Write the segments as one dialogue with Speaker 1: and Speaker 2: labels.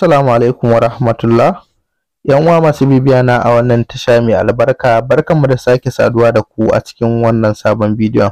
Speaker 1: Assalamu alaikum wa rahmatullah. Yan uwa masu bibiya na a wannan tasha mai albarka, barkanmu da sake saduwa da ku a cikin wannan sabon bidiyon.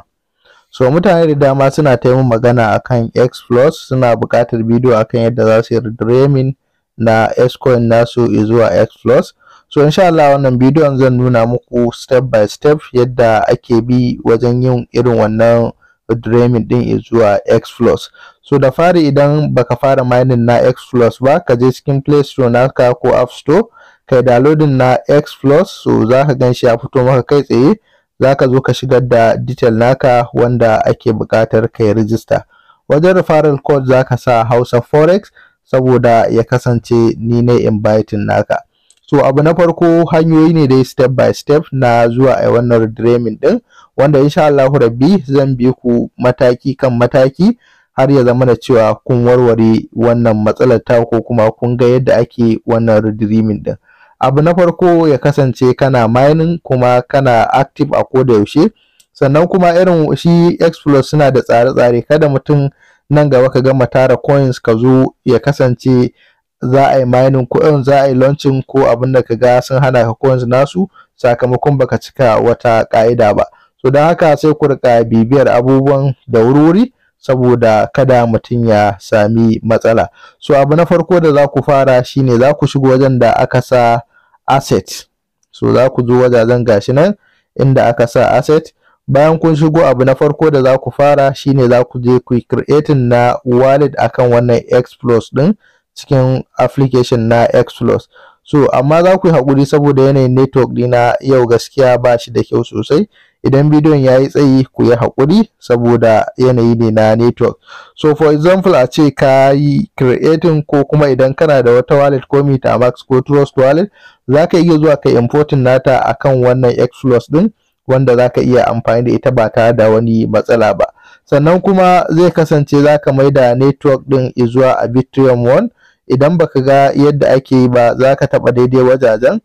Speaker 1: So mutane da dama suna ta yin magana akan X Plus, suna buƙatar bidiyo akan yadda za su yi redeeming na coin nasu zuwa X Plus. So insha Allah wannan bidiyon zan nuna muku step by step yadda ake bi wajen yin irin wannan Dreaming din zuwa x Plus. So da fari idan baka fara mining na x Plus ba ka je cikin Play Store naka ko App Store kai downloading na x Plus, so ka gan shi ya fito maka kai tsaye za ka zo ka shigar da detail naka wanda ake buƙatar yi register. Wajen referral code za ka sa Hausa Forex saboda ya kasance ni ne inviting naka. so abu na farko hanyoyi ne dai step by step na zuwa a wannan dreaming din wanda insha allah rabbi zan bi ku mataki kan mataki har ya zama da cewa kun warware wannan matsalar ta ko kuma kun ga yadda ake wannan dreaming din abu na farko ya kasance kana mining kuma kana active a koda yaushe sannan kuma irin shi explore suna da tsare-tsare kada mutum nan gaba ka gama tara coins ka zo ya kasance za a yi mining ko irin za a yi launching ko abin da ka ga sun hana ka coins nasu sakamakon baka cika wata ka'ida ba so don haka sai ku rika bibiyar abubuwan da wuri saboda kada mutum ya sami matsala so abu na farko da za ku fara shine za ku shigo wajen da aka sa asset so za ku zo wajajen gashi nan inda aka sa asset bayan kun shigo abu na farko da za ku fara shine za ku je ku creating na wallet akan wannan x plus din cikin application na Xplus. so amma za ku yi hakuri saboda yanayin network dina yau gaskiya ba shi da kyau sosai idan bidiyon ya yi tsayi ku yi haƙuri saboda yanayi ne na network so for example a ce ka yi creating ko kuma idan kana da wata wallet ko metamax ko trust wallet za ka iya zuwa ka importing nata akan wannan xfloss din wanda za ka iya amfani da ita ba tare da wani matsala ba sannan kuma zai kasance za ka mai da network din izuwa a bitrium 1 idan baka ga yadda ake yi ba za ka taɓa daidai wajajen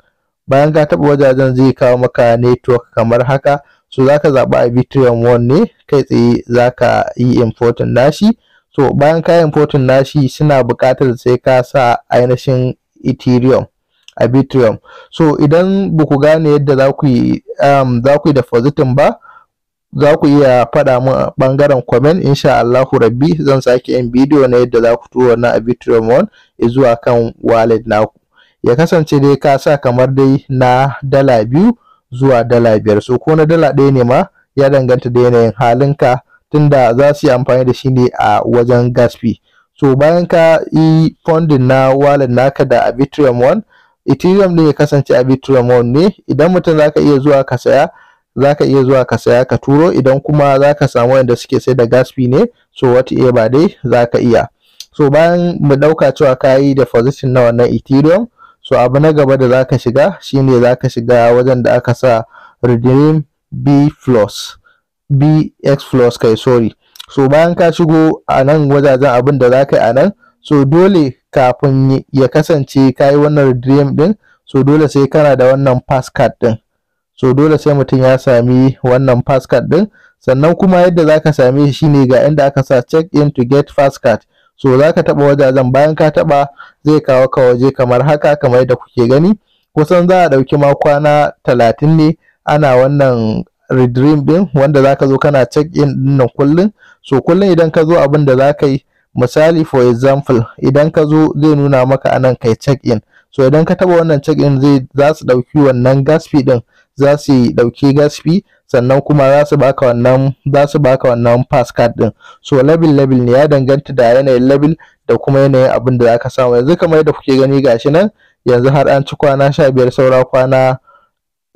Speaker 1: bayan ka taɓa wajajen zai kawo maka network kamar haka so za ka zaɓi arbitrium one ne kai tsaye za ka yi important nashi so bayan ka yi important nashi suna buƙatar sai ka sa ainihin ethereum arbitrium so idan ba ku gane yadda za ku yi um, za ba za ku iya faɗa min bangaren ɓangaren comment insha Allahu rabbi zan sake yin bidiyo na yadda za ku tura na Arbitrum 1 zuwa kan wallet naku ya kasance dai ka sa kamar dai na dala biyu zuwa dala biyar so ko na dala ɗaya ne ma ya danganta da yanayin halinka tunda za su yi amfani da shi ne a wajen gas fee so bayan ka yi funding na wallet naka da Arbitrum 1 Ethereum ne ya kasance Arbitrum ne idan mutum zaka iya zuwa ka saya za ka iya zuwa ka saya ka turo idan kuma za ka samu wanda suke sai da gas ne so eh, ba dai za ka iya so bayan mu ɗauka cewa ka yi deposition na wannan ethereum so abu na gaba da za ka shiga shine za ka shiga wajen da aka sa redeem b plus x plus kai sorry so bayan ka shigo a nan wajajen abin da za ka yi a nan so dole kafin ya kasance ka yi wannan redeem din so dole sai kana da wannan pass card din so dole sai mutum ya sami wannan fastcard din sannan kuma yadda zaka same shi shine ga inda aka sa check in to get fastcard so zaka taba wajajen bayan ka taba zai kawo ka waje kamar haka kamar yadda kuke gani kusan za a dauki ma kwana talatin ne ana wannan redrim din wanda zaka zo kana check in dinnan kullun so kullun idan ka zo abin da zaka yi misali for example idan ka zo zai nuna maka anan kai check in so idan ka taba wannan check in zai za su dauki wannan gas fee din za su ɗauki gas fee sannan kuma za su baka wannan za su baka wannan pass card din so level level ne ya danganta da yanayin level da kuma yanayin abin da zaka samu yanzu kamar da kuke gani gashi nan yanzu har an ci kwana 15 saura kwana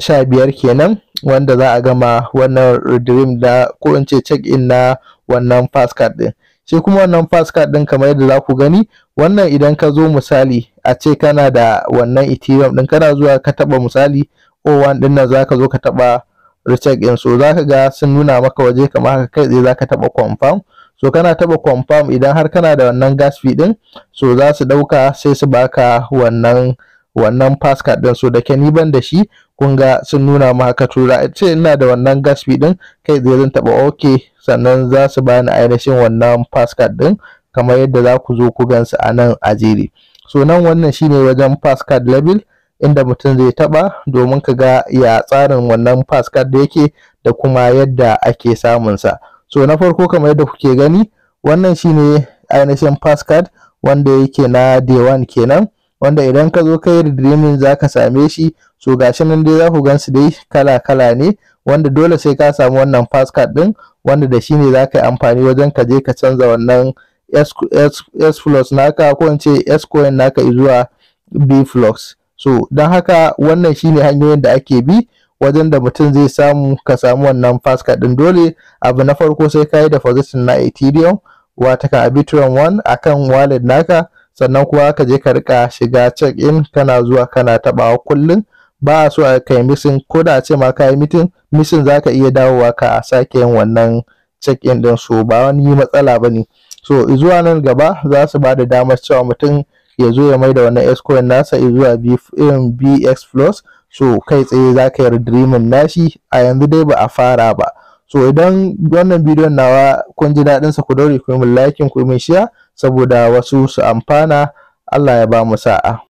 Speaker 1: 15 kenan wanda za a gama wannan redeem da ko in ce check in na wannan pass card din shi kuma wannan pass card din kamar yadda za ku gani wannan idan ka zo misali a ce kana da wannan ethereum din kana zuwa ka taba misali o1 din nan zaka zo ka taba recheck in so zaka ga sun nuna maka waje kamar haka kai tsaye zaka taba confirm so kana taba confirm idan har kana da wannan gas fee din so za su dauka sai su baka wannan wannan pass card din so da ke ni ban da shi kun ga sun nuna maka haka tura ce ina da wannan gas fee din kai tsaye zan taba okay sannan za su bani ainihin wannan pass card din kamar yadda za ku zo ku gansu a nan a jere so nan wannan shine wajen pass card level inda mutum zai taɓa domin ka ga ya tsarin wannan pass card da yake da kuma yadda ake samunsa so na farko kamar yadda kuke gani wannan shine ainihin pass card wanda yake na day one kenan wanda idan ka zo kai redeeming za same shi so gashi nan dai za ku dai kala kala ne wanda dole sai ka samu wannan pass card din wanda da shi ne za yi amfani wajen ka je ka canza wannan S, S, S, S naka ko in ce S coin naka zuwa B flux so don haka wannan shine hanyoyin da ake bi wajen da mutum zai samu ka samu wannan fasca din dole abu na farko sai ka yi deposit na ethereum wata ka arbitrum 1 akan wallet naka sannan kuwa ka je ka rika shiga check in kana zuwa kana tabawa kullum ba a so a kai misin ko da ce ma ka yi mitin misin za ka iya dawowa ka sake yin wannan check in din so ba wani matsala bane so zuwa nan gaba za su ba da damar cewa mutum ya zo ya mai da wannan s coin nasa zuwa irin bx plus so kai tsaye za ka yi redeeming nashi a yanzu dai ba a fara ba so idan wannan bidiyon nawa kun ji daɗin sa ku daure ku yi min like ku yi min share saboda wasu su amfana Allah ya ba mu sa'a